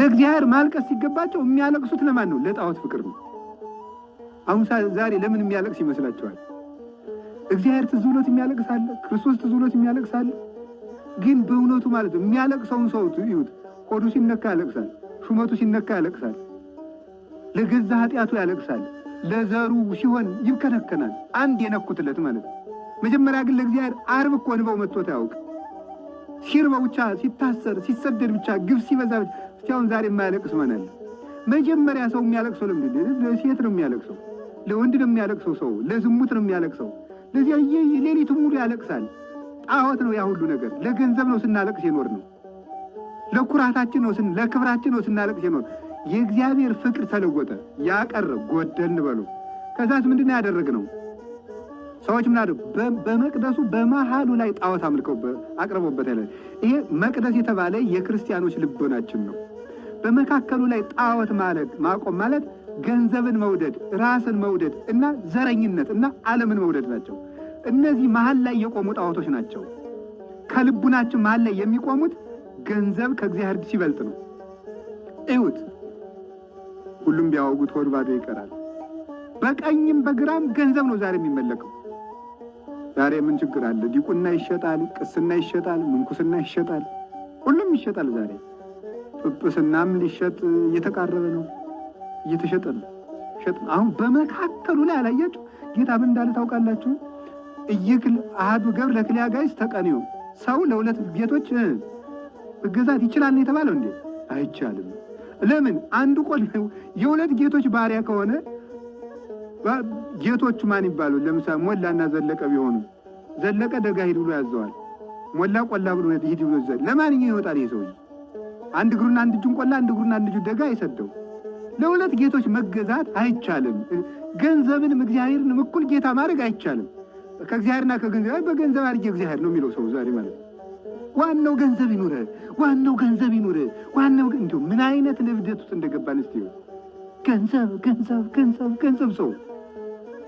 ለእግዚአብሔር ማልቀስ ሲገባቸው የሚያለቅሱት ለማን ነው? ለጣዖት ፍቅር ነው። አሁን ዛሬ ለምን የሚያለቅስ ይመስላችኋል? እግዚአብሔር ትዝ ብሎት የሚያለቅሳለ፣ ክርስቶስ ትዝ ብሎት የሚያለቅሳለ። ግን በእውነቱ ማለት ነው የሚያለቅሰውን ሰው ይሁት ሆዱ ሲነካ ያለቅሳል፣ ሹመቱ ሲነካ ያለቅሳል፣ ለገዛ ኃጢአቱ ያለቅሳል፣ ለዘሩ ሲሆን ይብከነከናል። አንድ የነኩትለት ማለት ነው። መጀመሪያ ግን ለእግዚአብሔር አርብ እኮ ንበው መጥቶት አያውቅ ሲርበው ብቻ ሲታሰር ሲሰደድ ብቻ ግብ ሲበዛ እስካሁን ዛሬ የማያለቅስ ማን መጀመሪያ ሰው የሚያለቅሰው ለምንድን ነው? ለሴት ነው የሚያለቅሰው፣ ለወንድ ነው የሚያለቅሰው፣ ሰው ለዝሙት ነው የሚያለቅሰው። ለዚያ ሌሊቱ ሙሉ ያለቅሳል። ጣዖት ነው ያ ሁሉ ነገር። ለገንዘብ ነው ስናለቅስ የኖር ነው። ለኩራታችን ነው፣ ለክብራችን ነው ስናለቅስ የኖር። የእግዚአብሔር ፍቅር ተለወጠ። ያቀረ ጎደል እንበሉ። ከዛስ ምንድን ነው? ሰዎች ምን አድርጉ? በመቅደሱ በመሃሉ ላይ ጣዖት አምልከው አቅርቦበት። ይሄ መቅደስ የተባለ የክርስቲያኖች ልቦናችን ነው። በመካከሉ ላይ ጣዖት ማለት ማቆም ማለት ገንዘብን መውደድ፣ ራስን መውደድ እና ዘረኝነት እና ዓለምን መውደድ ናቸው። እነዚህ መሀል ላይ የቆሙ ጣዖቶች ናቸው። ከልቡናችን መሀል ላይ የሚቆሙት ገንዘብ ከእግዚአብሔር ሲበልጥ ነው። እዩት፣ ሁሉም ቢያወጉት ሆድ ባዶ ይቀራል። በቀኝም በግራም ገንዘብ ነው ዛሬ የሚመለከው። ዛሬ ምን ችግር አለ? ዲቁና ይሸጣል፣ ቅስና ይሸጣል፣ ምንኩስና ይሸጣል፣ ሁሉም ይሸጣል ዛሬ ጵጵስናም ሊሸጥ እየተቃረበ ነው፣ እየተሸጠ ነው። ሸጥ አሁን በመካከሉ ላይ አላያችሁ ጌታ ምን እንዳለ ታውቃላችሁ? እይክል አህዱ ገብር ለክልያ ጋይስ ተቀንዮ ሰው ለሁለት ጌቶች እገዛት ይችላል ነው የተባለው። እንዴ አይቻልም። ለምን? አንዱ ቆል የሁለት ጌቶች ባሪያ ከሆነ ጌቶቹ ማን ይባሉ? ለምሳሌ ሞላና ዘለቀ ቢሆኑ ዘለቀ ደጋ ሂድ ብሎ ያዘዋል። ሞላ ቆላ ብሎ ሂድ ብሎ ለማንኛው ይወጣል ይህ ሰውዬ አንድ እግሩና አንድ እጁን ቆላ፣ አንድ እግሩና አንድ እጁን ደጋ አይሰደው። ለሁለት ጌቶች መገዛት አይቻልም። ገንዘብንም እግዚአብሔርንም እኩል ጌታ ማድረግ አይቻልም። ከእግዚአብሔርና ከገንዘብ በገንዘብ አድርጌ እግዚአብሔር ነው የሚለው ሰው ዛሬ ማለት ዋናው ገንዘብ ይኑር፣ ዋናው ገንዘብ ይኑር፣ ዋናው እንዲሁ ምን አይነት ንብደት ውስጥ እንደገባን እስቲ ገንዘብ ገንዘብ ገንዘብ ገንዘብ ሰው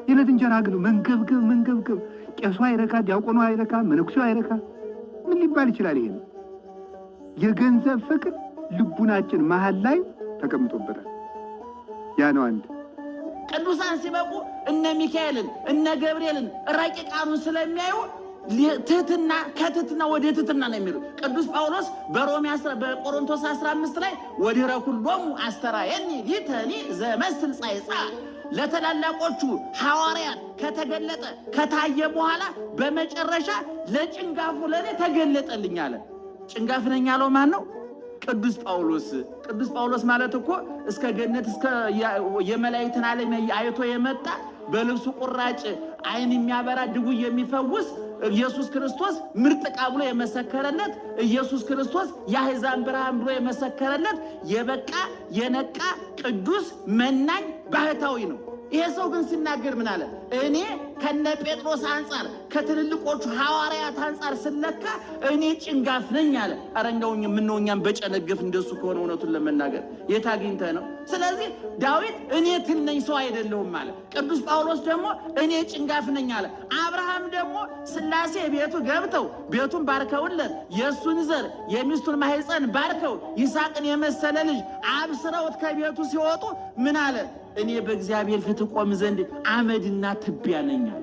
የዕለት እንጀራ ግን መንገብገብ መንገብገብ ቄሱ አይረካ፣ ዲያቆኑ አይረካ፣ መነኩሴው አይረካ ምን ሊባል ይችላል ይሄ ነው? የገንዘብ ፍቅር ልቡናችን መሀል ላይ ተቀምጦበታል። ያ ነው አንድ ቅዱሳን ሲበቁ እነ ሚካኤልን እነ ገብርኤልን ረቂቃኑን ስለሚያዩ ትህትና ከትህትና ወደ ትህትና ነው የሚሉ ቅዱስ ጳውሎስ በሮሜ በቆሮንቶስ 15 ላይ ወዲረ ኩሎሙ አስተራየኒ ሊተኒ ዘመስል ጻይጻ ለተላላቆቹ ሐዋርያት ከተገለጠ ከታየ በኋላ በመጨረሻ ለጭንጋፉ ለእኔ ተገለጠልኝ አለ። ጭንጋፍ ነኝ ያለው ማን ነው? ቅዱስ ጳውሎስ። ቅዱስ ጳውሎስ ማለት እኮ እስከ ገነት እስከ የመላእክትን ዓለም አይቶ የመጣ በልብሱ ቁራጭ ዓይን የሚያበራ ድውይ የሚፈውስ ኢየሱስ ክርስቶስ ምርጥ ዕቃ ብሎ የመሰከረለት ኢየሱስ ክርስቶስ የአሕዛብ ብርሃን ብሎ የመሰከረለት የበቃ የነቃ ቅዱስ መናኝ ባህታዊ ነው። ይሄ ሰው ግን ሲናገር ምን አለ? እኔ ከነ ጴጥሮስ አንጻር ከትልልቆቹ ሐዋርያት አንጻር ስነካ እኔ ጭንጋፍ ነኝ አለ። ኧረ እንደው የምንሆኛም በጨነገፍ እንደሱ ከሆነ እውነቱን ለመናገር የት አግኝተ ነው? ስለዚህ ዳዊት እኔ ትነኝ ሰው አይደለሁም አለ። ቅዱስ ጳውሎስ ደግሞ እኔ ጭንጋፍ ነኝ አለ። አብርሃም ደግሞ ስላሴ ቤቱ ገብተው ቤቱን ባርከውለት የእሱን ዘር የሚስቱን ማህፀን ባርከው ይስሐቅን የመሰለ ልጅ አብስረውት ከቤቱ ሲወጡ ምን አለ? እኔ በእግዚአብሔር ፊት ቆም ዘንድ አመድና ትቢያ ነኝ አለ።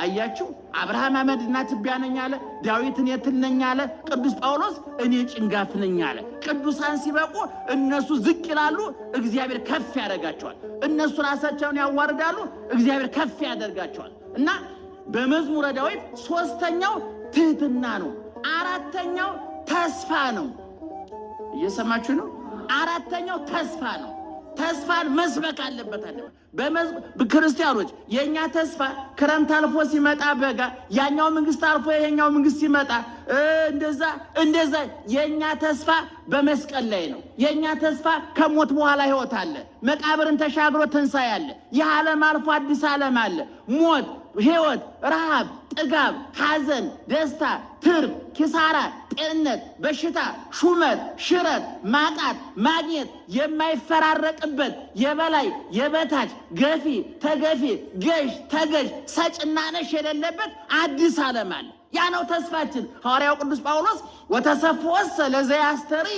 አያችሁ፣ አብርሃም አመድና ትቢያ ነኝ አለ። ዳዊት እኔ ትል ነኝ አለ። ቅዱስ ጳውሎስ እኔ ጭንጋፍ ነኝ አለ። ቅዱሳን ሲበቁ እነሱ ዝቅ ይላሉ፣ እግዚአብሔር ከፍ ያደርጋቸዋል። እነሱ ራሳቸውን ያዋርዳሉ፣ እግዚአብሔር ከፍ ያደርጋቸዋል። እና በመዝሙረ ዳዊት ሶስተኛው ትህትና ነው። አራተኛው ተስፋ ነው። እየሰማችሁ ነው። አራተኛው ተስፋ ነው። ተስፋን መስበክ አለበት አለ። ክርስቲያኖች የእኛ ተስፋ ክረምት አልፎ ሲመጣ በጋ፣ ያኛው መንግስት አልፎ ይሄኛው መንግስት ሲመጣ እንደዛ እንደዛ። የእኛ ተስፋ በመስቀል ላይ ነው። የእኛ ተስፋ ከሞት በኋላ ህይወት አለ። መቃብርን ተሻግሮ ትንሣኤ አለ። ይህ ዓለም አልፎ አዲስ ዓለም አለ። ሞት፣ ህይወት፣ ረሃብ፣ ጥጋብ፣ ሐዘን፣ ደስታ፣ ትርፍ፣ ኪሳራ ጤንነት፣ በሽታ፣ ሹመት፣ ሽረት፣ ማጣት፣ ማግኘት የማይፈራረቅበት የበላይ የበታች፣ ገፊ ተገፊ፣ ገዥ ተገዥ፣ ሰጭና ነሽ የሌለበት አዲስ ዓለም አለ። ያ ነው ተስፋችን። ሐዋርያው ቅዱስ ጳውሎስ ወተሰፍወሰ ለዘያስተሪ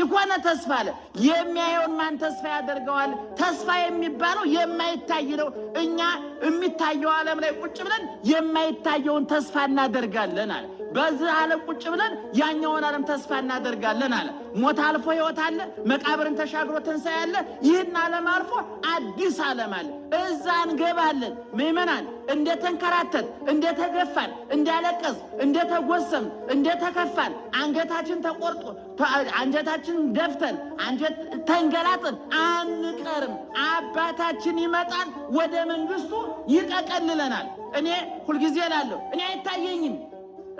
ይኮነ ተስፋ አለ። የሚያየውን ማን ተስፋ ያደርገዋል? ተስፋ የሚባለው የማይታይ ነው። እኛ የሚታየው ዓለም ላይ ቁጭ ብለን የማይታየውን ተስፋ እናደርጋለን አለ። በዚህ ዓለም ቁጭ ብለን ያኛውን ዓለም ተስፋ እናደርጋለን አለ። ሞት አልፎ ሕይወት አለ። መቃብርን ተሻግሮ ትንሣኤ አለ። ይህን ዓለም አልፎ አዲስ ዓለም አለ። እዛ እንገባለን። ምዕመናን እንደተንከራተት፣ እንደተገፋን፣ እንዳለቀስ፣ እንደተጎሰም፣ እንደተከፋን አንገታችን ተቆርጦ አንጀታችን ደፍተን አንጀት ተንገላጥን አንቀርም። አባታችን ይመጣል፣ ወደ መንግሥቱ ይጠቀልለናል። እኔ ሁልጊዜ ላለሁ እኔ አይታየኝም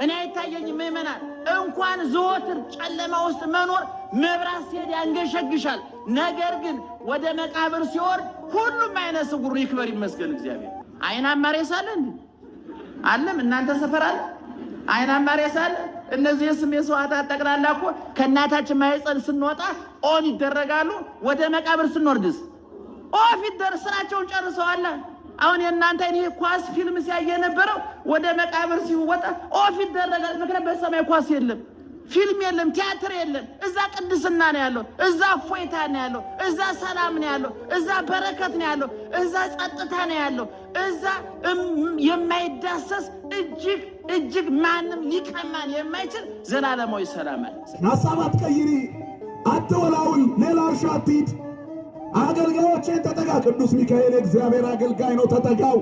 እኔ አይታየኝም። ምእመናን እንኳን ዘወትር ጨለማ ውስጥ መኖር መብራት ሲሄድ ያንገሸግሻል። ነገር ግን ወደ መቃብር ሲወርድ ሁሉም አይነ ስውር ይክበር ይመስገን እግዚአብሔር። አይን አማሬስ አለ እንዲ አለም እናንተ ሰፈር አለ አይን አማሬስ አለ። እነዚህ የስም የሰዋዕታት ጠቅላላ እኮ ከእናታችን ማህፀን ስንወጣ ኦን ይደረጋሉ። ወደ መቃብር ስንወርድስ ኦፍ ይደር ስራቸውን ጨርሰዋል። አሁን የእናንተ ይህ ኳስ ፊልም ሲያየ የነበረው ወደ መቃብር ሲወጣ ኦፍ ይደረጋል። ምክንያት በሰማይ ኳስ የለም፣ ፊልም የለም፣ ቲያትር የለም። እዛ ቅድስና ነው ያለው፣ እዛ ፎይታ ነው ያለው፣ እዛ ሰላም ነው ያለው፣ እዛ በረከት ነው ያለው፣ እዛ ጸጥታ ነው ያለው፣ እዛ የማይዳሰስ እጅግ እጅግ ማንም ሊቀማን የማይችል ዘላለማዊ ሰላም አለ። ሀሳብ አትቀይሪ፣ አትወላውል፣ ሌላ እርሻ አትሂድ አገልጋዮችን ተጠጋ። ቅዱስ ሚካኤል የእግዚአብሔር አገልጋይ ነው። ተጠጋው፣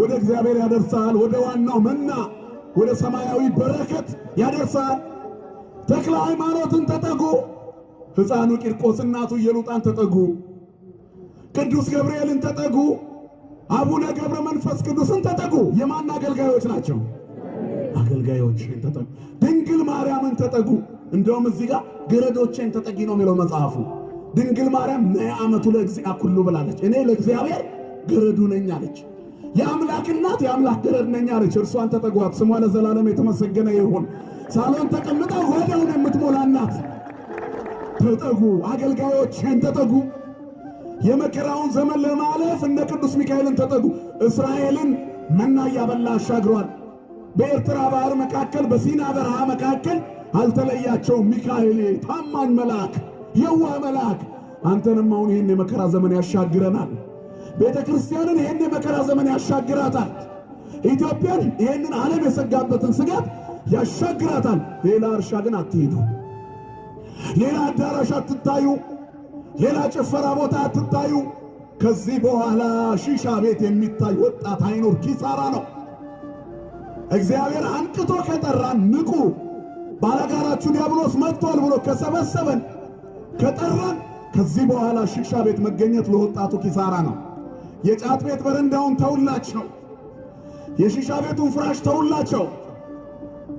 ወደ እግዚአብሔር ያደርሳል። ወደ ዋናው መና፣ ወደ ሰማያዊ በረከት ያደርሳል። ተክለ ሃይማኖትን ተጠጉ። ሕፃኑ ቂርቆስ እናቱ ኢየሉጣን ተጠጉ። ቅዱስ ገብርኤልን ተጠጉ። አቡነ ገብረ መንፈስ ቅዱስን ተጠጉ። የማን አገልጋዮች ናቸው? አገልጋዮችን ተጠጉ። ድንግል ማርያምን ተጠጉ። እንደውም እዚህ ጋር ገረዶቼን ተጠጊ ነው የሚለው መጽሐፉ። ድንግል ማርያም አመቱ ለእግዚአ ኩሉ ብላለች። እኔ ለእግዚአብሔር ገረዱ ነኝ አለች። የአምላክ እናት የአምላክ ገረድ ነኝ አለች። እርሷን ተጠጓት። ስሟ ለዘላለም የተመሰገነ ይሁን። ሳሎን ተቀምጣ ወደውን የምትሞላ እናት ተጠጉ። አገልጋዮችን ተጠጉ። የመከራውን ዘመን ለማለፍ እነ ቅዱስ ሚካኤልን ተጠጉ። እስራኤልን መና እያበላ አሻግሯል። በኤርትራ ባህር መካከል፣ በሲና በረሃ መካከል አልተለያቸውም። ሚካኤል ታማኝ መልአክ የዋህ መልአክ አንተንም አሁን ይህን የመከራ ዘመን ያሻግረናል። ቤተ ክርስቲያንን ይህን የመከራ ዘመን ያሻግራታል። ኢትዮጵያን ይህንን ዓለም የሰጋበትን ስጋት ያሻግራታል። ሌላ እርሻ ግን አትሄዱ፣ ሌላ አዳራሽ አትታዩ፣ ሌላ ጭፈራ ቦታ አትታዩ። ከዚህ በኋላ ሺሻ ቤት የሚታይ ወጣት አይኖር፣ ኪሳራ ነው። እግዚአብሔር አንቅቶ ከጠራን ንቁ ባለጋራችሁ ዲያብሎስ መጥቷል ብሎ ከሰበሰበን ከጠራን ከዚህ በኋላ ሽሻ ቤት መገኘት ለወጣቱ ኪሳራ ነው። የጫት ቤት በረንዳውን ተውላቸው፣ የሽሻ ቤቱን ፍራሽ ተውላቸው።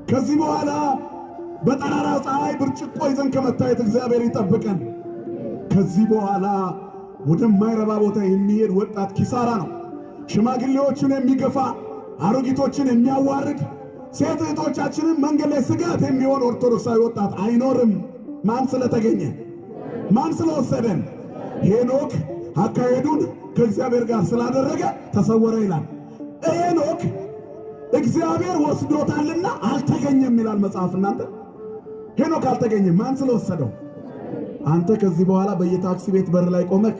ከዚህ በኋላ በጠራራ ፀሐይ ብርጭቆ ይዘን ከመታየት እግዚአብሔር ይጠብቀን። ከዚህ በኋላ ወደማይረባ ቦታ የሚሄድ ወጣት ኪሳራ ነው። ሽማግሌዎችን የሚገፋ አሮጊቶችን የሚያዋርድ ሴት እህቶቻችንን መንገድ ላይ ስጋት የሚሆን ኦርቶዶክሳዊ ወጣት አይኖርም። ማን ስለተገኘ ማን ስለወሰደን? ሄኖክ አካሄዱን ከእግዚአብሔር ጋር ስላደረገ ተሰወረ ይላል። ሄኖክ እግዚአብሔር ወስዶታልና አልተገኘም ይላል መጽሐፍ። እናንተ ሄኖክ አልተገኘም። ማን ስለወሰደው? አንተ ከዚህ በኋላ በየታክሲ ቤት በር ላይ ቆመክ፣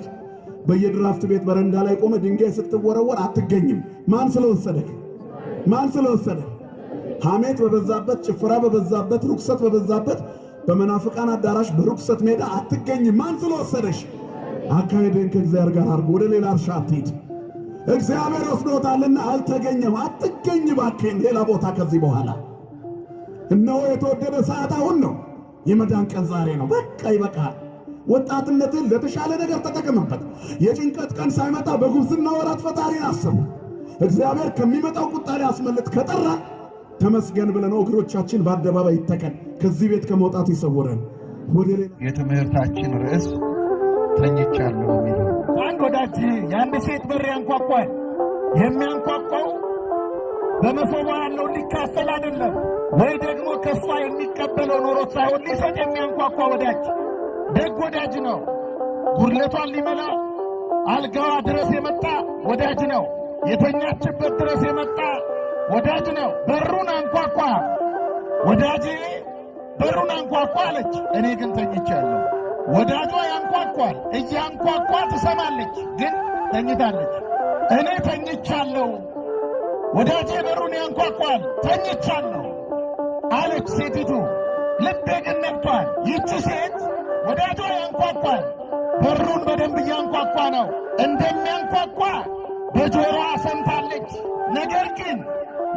በየድራፍት ቤት በረንዳ ላይ ቆመ ድንጋይ ስትወረወር አትገኝም። ማን ስለወሰደክ? ማን ስለወሰደ? ሐሜት በበዛበት ጭፍራ በበዛበት ርኩሰት በበዛበት በመናፍቃን አዳራሽ በርኩሰት ሜዳ አትገኝ። ማን ወሰደሽ? አካሄድን ከእግዚአብሔር ጋር አድርጎ ወደ ሌላ እርሻ አትሂድ። እግዚአብሔር ወስዶታልና አልተገኘም። አትገኝ ባክን ሌላ ቦታ ከዚህ በኋላ እነሆ የተወደደ ሰዓት አሁን ነው። የመዳን ቀን ዛሬ ነው። በቃ ይበቃል። ወጣትነትን ለተሻለ ነገር ተጠቅምበት የጭንቀት ቀን ሳይመጣ በጉብዝና ወራት ፈጣሪን አስቡ። እግዚአብሔር ከሚመጣው ቁጣ ሊያስመልጥ ከጠራ ተመስገን ብለን እግሮቻችን በአደባባይ ይተቀን፣ ከዚህ ቤት ከመውጣት ይሰውረን። ወደ ሌላ የትምህርታችን ርዕስ ተኝቻለሁ የሚለ አንድ ወዳጅ የአንድ ሴት በር ያንኳኳል። የሚያንኳኳው በመሶቧ ያለው ሊካሰል አይደለም፣ ወይ ደግሞ ከሷ የሚቀበለው ኖሮት ሳይሆን ሊሰጥ የሚያንኳኳ ወዳጅ ደግ ወዳጅ ነው። ጉድለቷን ሊመላ አልጋዋ ድረስ የመጣ ወዳጅ ነው። የተኛችበት ድረስ የመጣ ወዳጅ ነው፣ በሩን አንኳኳ። ወዳጄ በሩን አንኳኳ አለች፣ እኔ ግን ተኝቻለሁ። ወዳጇ ያንኳኳል፣ እያንኳኳ ትሰማለች፣ ግን ተኝታለች። እኔ ተኝቻለሁ። ወዳጄ በሩን ያንኳኳል፣ ተኝቻለሁ አለች ሴቲቱ። ልቤ ግን ነቅቷል። ይቺ ሴት ወዳጇ ያንኳኳል፣ በሩን በደንብ እያንኳኳ ነው። እንደሚያንኳኳ በጆሮዋ ሰምታለች። ነገር ግን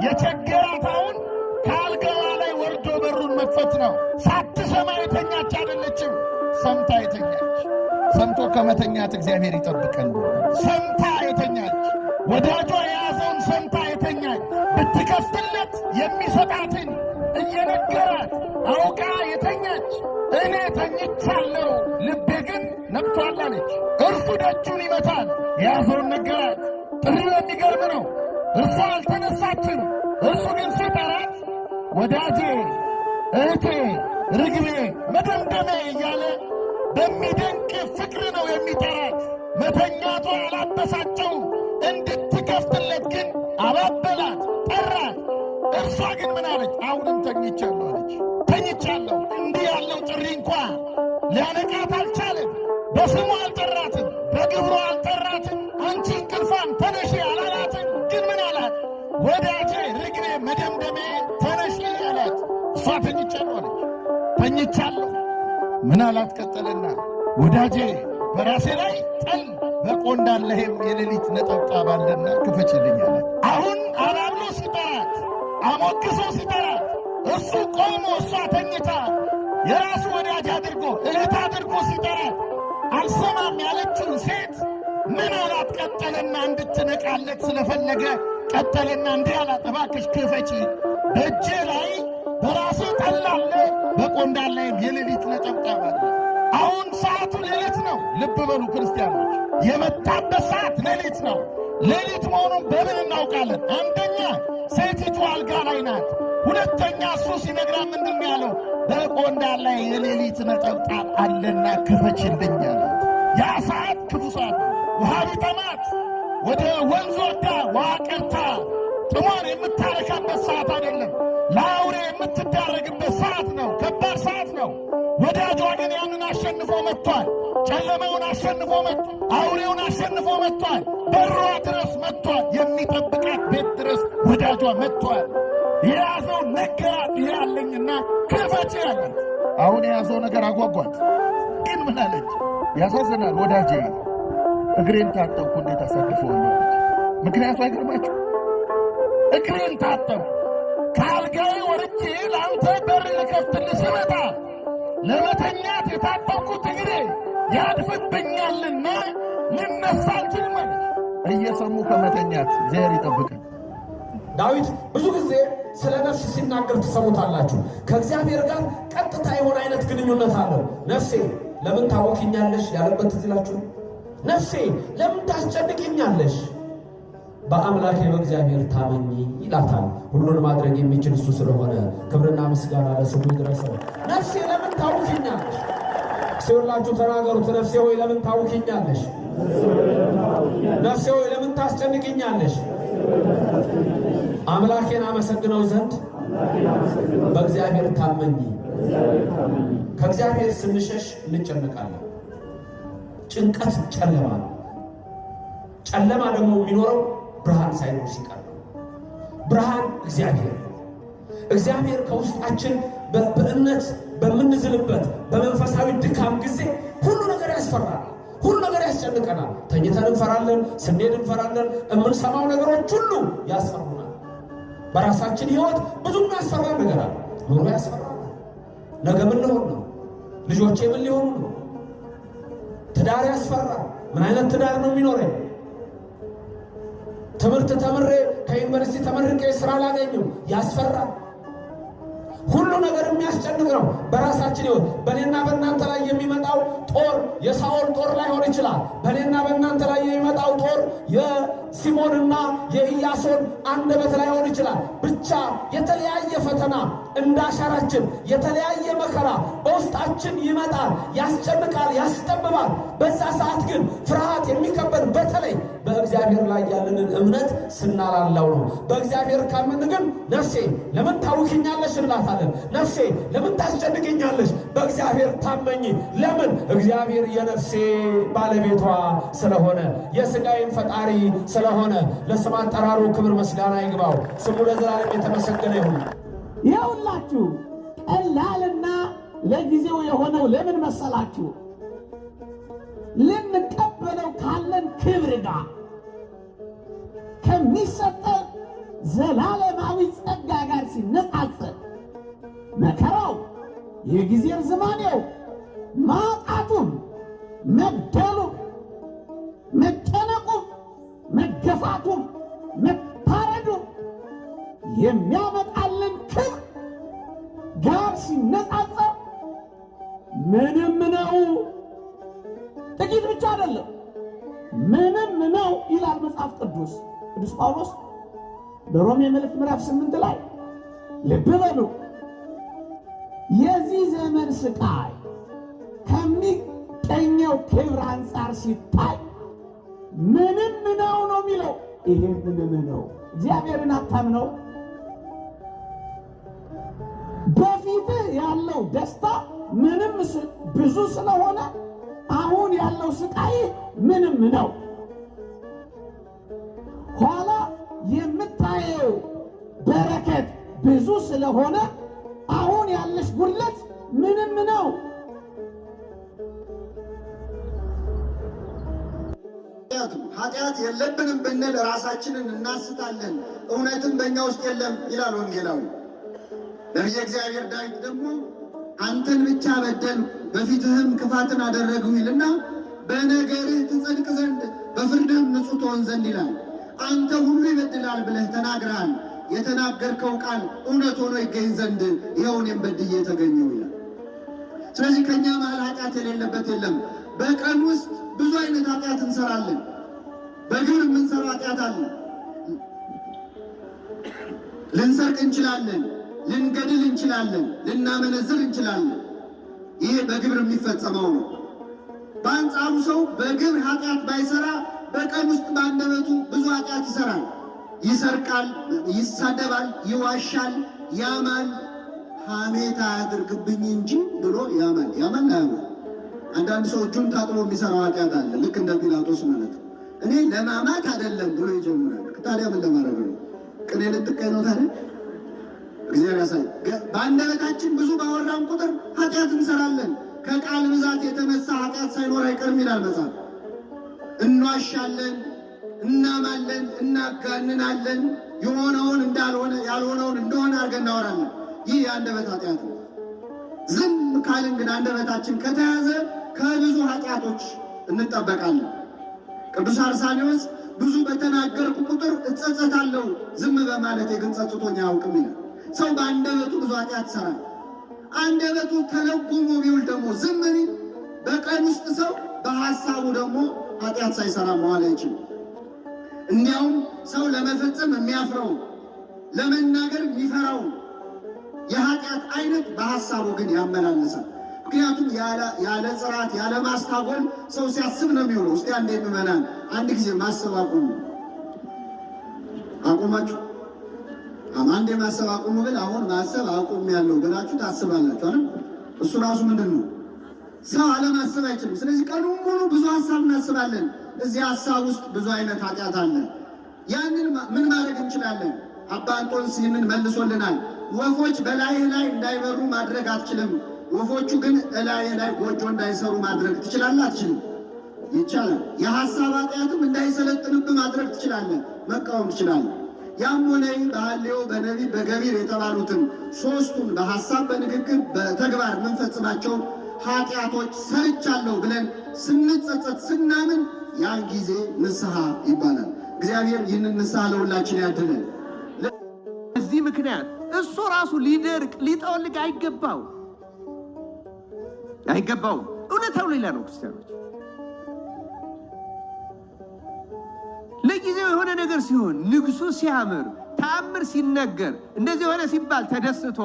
የቸገራት አሁን ከአልጋዋ ላይ ወርዶ በሩን መክፈት ነው። ሳትሰማ የተኛች አይደለችም፣ ሰምታ የተኛች። ሰምቶ ከመተኛት እግዚአብሔር ይጠብቀን። ሰምታ የተኛች ወዳጇ የያዘውን ሰምታ የተኛች ብትከፍትለት የሚሰጣትን እየነገራት አውቃ የተኛች እኔ ተኝቻለሁ ልቤ ግን ነቅቷል አለች። እርሱ ደጁን ይመታል፣ የያዘውን ነገራት። ጥሪ የሚገርም ነው። እሷ አልተነሳችም። እርሱ ግን ሲጠራት ወዳጄ፣ እህቴ፣ ርግቤ፣ መደምደሚያ እያለ በሚደንቅ ፍቅር ነው የሚጠራት። መተኛቷ አላበሳቸው፣ እንድትከፍትለት ግን አባበላት፣ ጠራት። እርሷ ግን ምን አለች? አሁንም ተኝቻለሁ አለች። ተኝቻለሁ። እንዲህ ያለው ጥሪ እንኳ ሊያነቃት አልቻለም። በስሙ አልጠራትም፣ በግብሮ አልጠራትም። አንቺ እንቅልፋን ተነሽያ ወዳጄ ርግቤ መደምደሜ ተነሽ አላት። እሷ ተኝቻለ ሆነች ተኝቻለሁ። ምን አላት ቀጠለና ወዳጄ በራሴ ላይ ጠል በቆንዳለህም የሌሊት ነጠብጣብ አለና ክፈችልኝ አላት። አሁን አላብሎ ሲጠራት አሞክሶ ሲጠራት እሱ ቆሞ እሷ ተኝታ የራሱ ወዳጅ አድርጎ እህት አድርጎ ሲጠራት አልሰማም ያለችውን ሴት ምን አላት ቀጠለና እንድትነቃለት ስለፈለገ ቀጠልና እንዲህ አላት፣ እባክሽ ክፈቺ፣ በእጄ ላይ በራሴ ጠላለ በቆንዳ ላይም የሌሊት ነጠብጣብ አለ። አሁን ሰዓቱ ሌሊት ነው። ልብ በሉ ክርስቲያኖች፣ የመጣበት ሰዓት ሌሊት ነው። ሌሊት መሆኑን በምን እናውቃለን? አንደኛ ሴቲቱ አልጋ ላይ ናት። ሁለተኛ እሱ ሲነግራ ምንድን ያለው በቆንዳ ላይ የሌሊት ነጠብጣብ አለና ክፈችልኝ አላት። ያ ሰዓት ክፉ ሰዓት ውሃ ቢጠማት ወደ ወንዝ ወጣ ዋቅርታ ጥሟን የምታረካበት ሰዓት አይደለም። ለአውሬ የምትዳረግበት ሰዓት ነው። ከባድ ሰዓት ነው። ወዳጇ ግን ያንን አሸንፎ መጥቷል። ጨለማውን አሸንፎ መጥቷል። አውሬውን አሸንፎ መጥቷል። በሯ ድረስ መጥቷል። የሚጠብቃት ቤት ድረስ ወዳጇ መጥቷል። የያዘው ነገራት ያለኝና ክፈች ያላት አሁን የያዘው ነገር አጓጓት። ግን ምን አለች? ያሳዝናል ወዳጄ እግሬን ታጠብኩ እንዴት አሳልፈው ምክንያቱ አይገርማችሁ እግሬን ታጠብ ከአልጋዬ ወርጄ ለአንተ በር ልከፍትልህ ስመጣ ለመተኛት የታጠብኩት እግሬ ያድፍብኛልና ልነሳ አልችልም እየሰሙ ከመተኛት እግዚአብሔር ይጠብቀን ዳዊት ብዙ ጊዜ ስለ ነፍስ ሲናገር ትሰሙታላችሁ ከእግዚአብሔር ጋር ቀጥታ የሆነ አይነት ግንኙነት አለው ነፍሴ ለምን ታወኪኛለሽ ያለበት ትዝላችሁ ይላችሁ ነፍሴ ለምን ታስጨንቅኛለሽ? በአምላኬ በእግዚአብሔር ታመኝ ይላታል። ሁሉን ማድረግ የሚችል እሱ ስለሆነ ክብርና ምስጋና ለስሙ ይድረሰው። ነፍሴ ለምን ታውኪኛለሽ? ሲውላችሁ ተናገሩት። ነፍሴ ሆይ ለምን ታውኪኛለሽ? ነፍሴ ሆይ ለምን ታስጨንቅኛለሽ? አምላኬን አመሰግነው ዘንድ በእግዚአብሔር ታመኝ ከእግዚአብሔር ስንሸሽ እንጨነቃለን። ጭንቀት ጨለማ ነው። ጨለማ ደግሞ የሚኖረው ብርሃን ሳይኖር ሲቀር ነው። ብርሃን እግዚአብሔር ነው። እግዚአብሔር ከውስጣችን በእምነት በምንዝልበት በመንፈሳዊ ድካም ጊዜ ሁሉ ነገር ያስፈራል። ሁሉ ነገር ያስጨንቀናል። ተኝተን እንፈራለን፣ ስንሄድ እንፈራለን። የምንሰማው ነገሮች ሁሉ ያስፈሩናል። በራሳችን ሕይወት ብዙ ያስፈራ ነገር አለ። ኑሮ ያስፈራል። ነገ ምን ልሆን ነው? ልጆቼ ምን ሊሆኑ ነው? ትዳር ያስፈራ። ምን አይነት ትዳር ነው የሚኖረኝ? ትምህርት ተምሬ ከዩኒቨርሲቲ ተመርቄ ስራ አላገኝም፣ ያስፈራ። ሁሉ ነገር የሚያስጨንቅ ነው። በራሳችን ህይወት በእኔና በእናንተ ላይ የሚመጣው ጦር የሳኦል ጦር ላይሆን ይችላል። በእኔና በእናንተ ላይ የሚመጣው ጦር የሲሞንና የኢያሶን አንደበት ላይሆን ይችላል። ብቻ የተለያየ ፈተና እንዳሻራችን የተለያየ መከራ በውስጣችን ይመጣል፣ ያስጨንቃል፣ ያስጠብባል። በዛ ሰዓት ግን ፍርሃት የሚከበር በተለይ በእግዚአብሔር ላይ ያለንን እምነት ስናላላው ነው። በእግዚአብሔር ካምን ግን ነፍሴ ለምን ታውኪኛለሽ እንላታለን። ነፍሴ ለምን ታስጨንቅኛለሽ? በእግዚአብሔር ታመኝ። ለምን? እግዚአብሔር የነፍሴ ባለቤቷ ስለሆነ የሥጋዬም ፈጣሪ ስለሆነ። ለስም አጠራሩ ክብር መስጋና ይግባው። ስሙ ለዘላለም የተመሰገነ ይሁን። ይኸውላችሁ ቀላልና ለጊዜው የሆነው ለምን መሰላችሁ? ልንቀበለው ካለን ክብር ጋር ከሚሰጠን ዘላለማዊ ጸጋ ጋር ሲነጻጸር መከራው፣ የጊዜ ርዝማኔው፣ ማጣቱም፣ መግደሉም፣ መጨነቁም፣ መገፋቱም፣ መታረዱም የሚያ ጳውሎስ በሮሜ መልእክት ምዕራፍ ስምንት ላይ ልብ በሉ የዚህ ዘመን ስቃይ ከሚቀኘው ክብር አንጻር ሲታይ ምንም ነው ነው የሚለው ይሄ ምንም ነው። እግዚአብሔርን አታምነው። በፊት ያለው ደስታ ምንም ብዙ ስለሆነ አሁን ያለው ስቃይ ምንም ነው። ኋላ የምታየው በረከት ብዙ ስለሆነ አሁን ያለሽ ጉድለት ምንም ነው። ኃጢአት የለብንም ብንል ራሳችንን እናስታለን፣ እውነትም በእኛ ውስጥ የለም ይላል ወንጌላዊ። ነቢየ እግዚአብሔር ዳዊት ደግሞ አንተን ብቻ በደል በፊትህም ክፋትን አደረግሁ ይልና በነገርህ ትጸድቅ ዘንድ በፍርድህም ንጹሕ ትሆን ዘንድ ይላል። አንተ ሁሉ ይበድላል ብለህ ተናግረሃል። የተናገርከው ቃል እውነት ሆኖ ይገኝ ዘንድ ይኸው እኔም በድዬ ተገኘሁ ይላል። ስለዚህ ከእኛ መሀል ኃጢአት የሌለበት የለም። በቀን ውስጥ ብዙ አይነት ኃጢአት እንሰራለን። በግብር የምንሰራው ኃጢአት አለ። ልንሰርቅ እንችላለን፣ ልንገድል እንችላለን፣ ልናመነዝር እንችላለን። ይሄ በግብር የሚፈጸመው ነው። በአንጻሩ ሰው በግብር ኃጢአት ባይሰራ በቀን ውስጥ በአንደበቱ ብዙ ኃጢአት ይሰራል፣ ይሰርቃል፣ ይሳደባል፣ ይዋሻል፣ ያማል። ሐሜት አያድርግብኝ እንጂ ብሎ ያማል። ያማል አያማል። አንዳንድ ሰው እጁን ታጥሮ የሚሰራው ኃጢአት አለ። ልክ እንደ ጲላጦስ ማለት እኔ ለማማት አይደለም ብሎ ይጀምራል። ታዲያ ምን ለማድረግ ነው? ቅኔ ልትቀኝ ነው ታዲያ? እግዚአብሔር ያሳይ። በአንደበታችን ብዙ ባወራን ቁጥር ኃጢአት እንሰራለን። ከቃል ብዛት የተነሳ ኃጢአት ሳይኖር አይቀርም ይላል መጽሐፍ። እንዋሻለን፣ እናማለን፣ እናጋንናለን። የሆነውን እንዳልሆነ ያልሆነውን እንደሆነ አድርገን እናወራለን። ይህ የአንደበት ኃጢአት ነው። ዝም ካልን ግን አንደበታችን ከተያዘ ከብዙ ኃጢአቶች እንጠበቃለን። ቅዱስ አርሳኒዎስ ብዙ በተናገርኩ ቁጥር እጸጸታለሁ፣ ዝም በማለት ግን ጸጽቶኝ አያውቅም ይላል። ሰው በአንደበቱ ብዙ ኃጢአት ይሰራል። አንደበቱ ተለጉሞ ቢውል ደግሞ ዝም በቀን ውስጥ ሰው በሀሳቡ ደግሞ ኃጢአት ሳይሰራ መዋል አይችልም። እንዲያውም ሰው ለመፈጸም የሚያፍረውን ለመናገር የሚፈራውን የኃጢአት አይነት በሀሳቡ ግን ያመላልሳል። ምክንያቱም ያለ ጽራት ያለ ማስታጎል ሰው ሲያስብ ነው የሚውለው። ውስጥ አንድ የሚመናን አንድ ጊዜ ማሰብ አቁሙ። አቁማችሁ አንድ ማሰብ አቁሙ ብል አሁን ማሰብ አቁም ያለው ብላችሁ ታስባላችሁ። እሱ ራሱ ምንድን ነው? ሰው አለማሰብ አይችልም። ስለዚህ ቀኑን ሙሉ ብዙ ሀሳብ እናስባለን። እዚህ ሀሳብ ውስጥ ብዙ አይነት ኃጢአት አለ። ያንን ምን ማድረግ እንችላለን? አባ እንጦንስ ይህንን መልሶልናል። ወፎች በላይህ ላይ እንዳይበሩ ማድረግ አትችልም። ወፎቹ ግን እላይህ ላይ ጎጆ እንዳይሰሩ ማድረግ ትችላለህ? አትችልም? ይቻላል። የሀሳብ ኃጢአትም እንዳይሰለጥንብህ ማድረግ ትችላለህ፣ መቃወም ትችላለህ። ያም ሆነ በሐሌው በነቢብ በገቢር የተባሉትን ሶስቱን በሀሳብ በንግግር በተግባር የምንፈጽማቸው ኃጢአቶች ሰርቻለሁ ብለን ስንጸጸት ስናምን ያን ጊዜ ንስሐ ይባላል። እግዚአብሔር ይህንን ንስሐ ለሁላችን ያድልን። እዚህ ምክንያት እሱ ራሱ ሊደርቅ ሊጠወልግ አይገባው አይገባው። እውነታው ሌላ ነው። ክርስቲያኖች ለጊዜው የሆነ ነገር ሲሆን፣ ንጉሱ ሲያምር፣ ተአምር ሲነገር፣ እንደዚህ የሆነ ሲባል ተደስቶ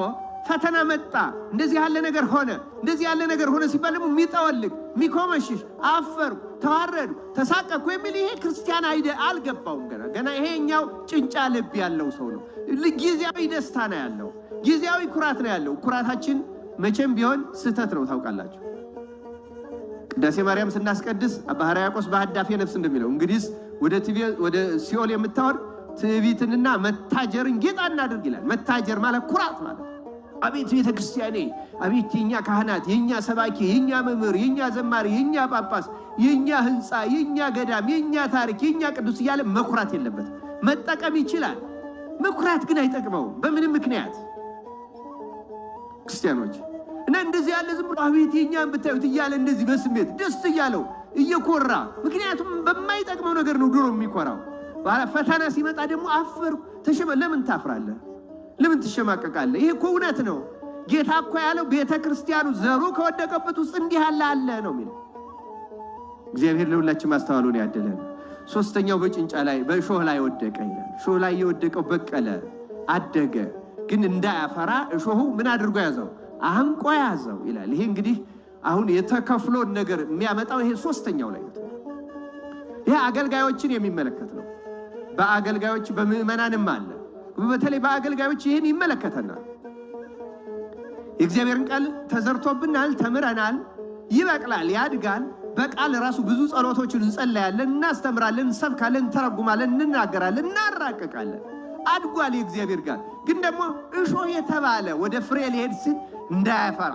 ፈተና መጣ፣ እንደዚህ ያለ ነገር ሆነ፣ እንደዚህ ያለ ነገር ሆነ ሲባል ደግሞ የሚጠወልግ የሚኮመሽሽ፣ አፈሩ ተዋረዱ፣ ተሳቀኩ የሚል ይሄ ክርስቲያን አይደ አልገባውም ገና ገና። ይሄኛው ጭንጫ ልብ ያለው ሰው ነው። ጊዜያዊ ደስታ ነው ያለው፣ ጊዜያዊ ኩራት ነው ያለው። ኩራታችን መቼም ቢሆን ስህተት ነው። ታውቃላችሁ፣ ቅዳሴ ማርያም ስናስቀድስ አባ ሕርያቆስ በአዳፌ ነፍስ እንደሚለው እንግዲህ ወደ ሲኦል የምታወርድ ትዕቢትንና መታጀርን ጌጣ አናድርግ ይላል። መታጀር ማለት ኩራት ማለት አቤት ቤተ ክርስቲያኔ፣ አቤት የእኛ ካህናት፣ የእኛ ሰባኪ፣ የእኛ መምህር፣ የእኛ ዘማሪ፣ የእኛ ጳጳስ፣ የእኛ ህንፃ፣ የእኛ ገዳም፣ የእኛ ታሪክ፣ የእኛ ቅዱስ እያለ መኩራት የለበት። መጠቀም ይችላል። መኩራት ግን አይጠቅመውም በምንም ምክንያት ክርስቲያኖች እና እንደዚህ ያለ ዝም ብሎ አቤት የእኛን ብታዩት እያለ እንደዚህ በስሜት ደስ እያለው እየኮራ ምክንያቱም በማይጠቅመው ነገር ነው ድሮ የሚኮራው። ፈተና ሲመጣ ደግሞ አፈር ተሸመ። ለምን ታፍራለህ? ለምን ትሸማቀቃለህ? ይህ እኮ እውነት ነው። ጌታ እኮ ያለው ቤተ ክርስቲያኑ ዘሩ ከወደቀበት ውስጥ እንዲህ አለ አለ ነው የሚለው። እግዚአብሔር ለሁላችን ማስተዋሉን ያደለን። ሶስተኛው በጭንጫ ላይ በእሾህ ላይ ወደቀ ይላል። እሾህ ላይ የወደቀው በቀለ አደገ፣ ግን እንዳያፈራ እሾሁ ምን አድርጎ ያዘው? አህንቆ ያዘው ይላል። ይሄ እንግዲህ አሁን የተከፍሎን ነገር የሚያመጣው ይሄ ሶስተኛው ላይ ነው። ይሄ አገልጋዮችን የሚመለከት ነው። በአገልጋዮች በምዕመናንም አለ በተለይ በአገልጋዮች ይህን ይመለከተናል። የእግዚአብሔርን ቃል ተዘርቶብናል፣ ተምረናል፣ ይበቅላል፣ ያድጋል። በቃል ራሱ ብዙ ጸሎቶችን እንጸለያለን፣ እናስተምራለን፣ እንሰብካለን፣ እንተረጉማለን፣ እንናገራለን፣ እናራቀቃለን። አድጓል የእግዚአብሔር ቃል ግን ደግሞ እሾህ የተባለ ወደ ፍሬ ሊሄድ ሲል እንዳያፈራ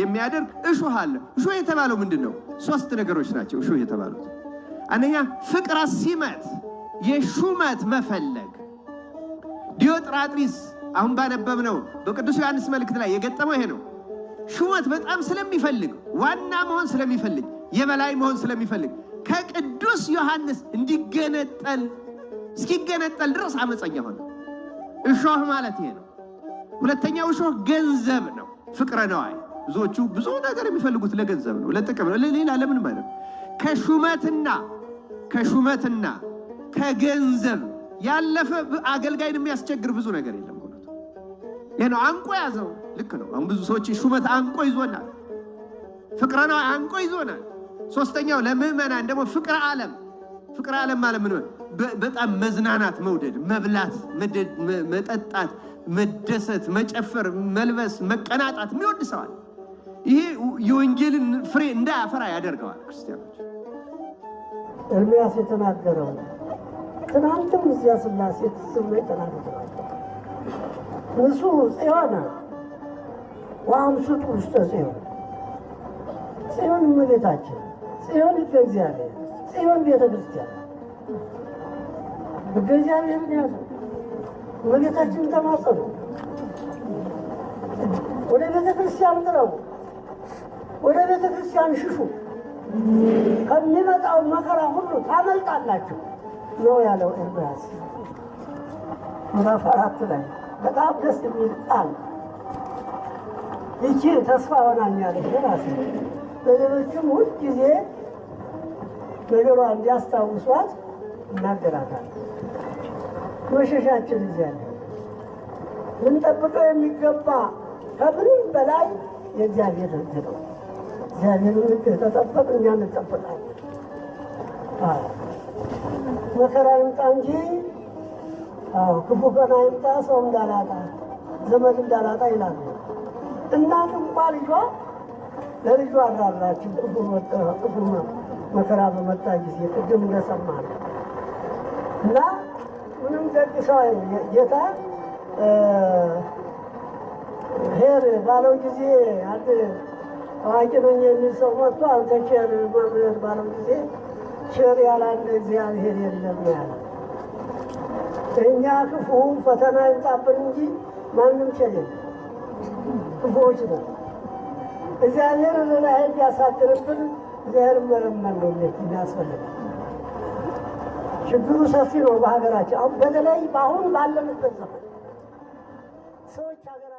የሚያደርግ እሾህ አለ። እሾህ የተባለው ምንድን ነው? ሶስት ነገሮች ናቸው እሾህ የተባሉት። አንደኛ ፍቅር ሲመት የሹመት መፈለግ ዲዮጥራጥሪስ አሁን ባነበብነው በቅዱስ ዮሐንስ መልእክት ላይ የገጠመው ይሄ ነው። ሹመት በጣም ስለሚፈልግ ዋና መሆን ስለሚፈልግ የበላይ መሆን ስለሚፈልግ ከቅዱስ ዮሐንስ እንዲገነጠል እስኪገነጠል ድረስ አመፀኛ ሆነ። እሾህ ማለት ይሄ ነው። ሁለተኛው እሾህ ገንዘብ ነው፣ ፍቅረ ነዋይ። ብዙዎቹ ብዙ ነገር የሚፈልጉት ለገንዘብ ነው፣ ለጥቅም ነው፣ ለሌላ ለምን ማለት ከሹመትና ከሹመትና ከገንዘብ ያለፈ አገልጋይን የሚያስቸግር ብዙ ነገር የለም። ይህ ነው አንቆ ያዘው። ልክ ነው። አሁን ብዙ ሰዎች ሹመት አንቆ ይዞናል፣ ፍቅረ ነው አንቆ ይዞናል። ሶስተኛው ለምዕመናን ደግሞ ፍቅረ ዓለም። ፍቅረ ዓለም ማለት ምን? በጣም መዝናናት፣ መውደድ፣ መብላት፣ መጠጣት፣ መደሰት፣ መጨፈር፣ መልበስ፣ መቀናጣት የሚወድ ሰዋል። ይሄ የወንጌልን ፍሬ እንዳያፈራ ያደርገዋል። ክርስቲያኖች ኤርምያስ የተናገረው ትናንትም እዚያ ስላሴ ትስብ ላይ ጠናት ንሱ ጽዮን ጽዮን ጽዮን እመቤታችን፣ ጽዮን እግዚአብሔር፣ ጽዮን ቤተ ክርስቲያን እግዚአብሔርን ያዙ። ተማጸኑ። ወደ ቤተ ክርስቲያን ወደ ቤተ ክርስቲያን ሽሹ። ከሚመጣው መከራ ሁሉ ታመልጣላችሁ። ነው ያለው ኤርምያስ ምዕራፍ አራት ላይ በጣም ደስ የሚል ቃል። ይቺ ተስፋ ሆናኛለች ራሴ በሌሎችም ሁል ጊዜ ነገሯ እንዲያስታውሷት እናገራታል። መሸሻችን ጊዜ ያለ ልንጠብቀው የሚገባ ከምንም በላይ የእግዚአብሔር ሕግ ነው። እግዚአብሔር ሕግ ተጠበቅ፣ እኛ እንጠበቃለን። መከራ ይምጣ እንጂ ክፉ ቀን አይምጣ፣ ሰው እንዳላጣ፣ ዘመድ እንዳላጣ ይላሉ። እናት እንኳ ልጇ ለልጇ አድራላችሁ ክፉ መከራ በመጣ ጊዜ ቅድም እንደሰማ ነው እና ምንም ደግ ሰው ጌታ ሄር ባለው ጊዜ አንድ አዋቂ ነኝ የሚል ሰው መጥቶ አንተ ቸር ባለው ጊዜ ቸር ያለ እግዚአብሔር የለም ያለ። እኛ ክፉ ፈተና ይምጣብን እንጂ ማንም ቸር የለም፣ ክፉዎች ነው። እግዚአብሔር ርኅራኄ ቢያሳድርብን እግዚአብሔር መለመን ነው ት የሚያስፈልጋል። ችግሩ ሰፊ ነው በሀገራችን አሁን በተለይ በአሁኑ ባለንበት ዘመን ሰዎች ሀገራ